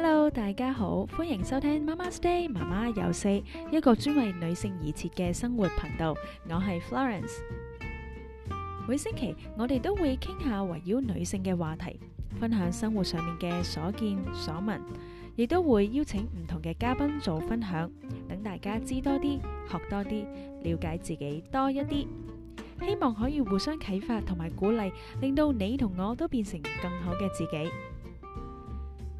Hello，大家好，歡迎收聽媽媽 stay 媽媽有四，一個專為女性而設嘅生活頻道，我係 Florence。每星期我哋都會傾下圍繞女性嘅話題，分享生活上面嘅所見所聞，亦都會邀請唔同嘅嘉賓做分享，等大家知多啲、學多啲、了解自己多一啲，希望可以互相啟發同埋鼓勵，令到你同我都變成更好嘅自己。